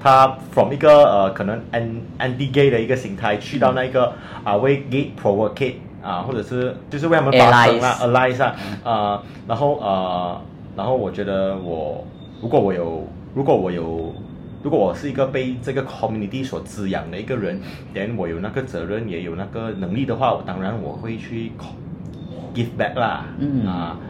他 from 一個呃可能 anti-gay 的一個形態，去到、嗯、那個啊為 gate provocate 啊，或者是就是為我們發聲啦 ally 一下啊，然後啊、呃，然後我覺得我如果我有如果我有如果我是一個被這個 community 所滋養的一個人，then 我有那個責任也有那個能力的話，當然我會去 give back 啦，嗯啊。呃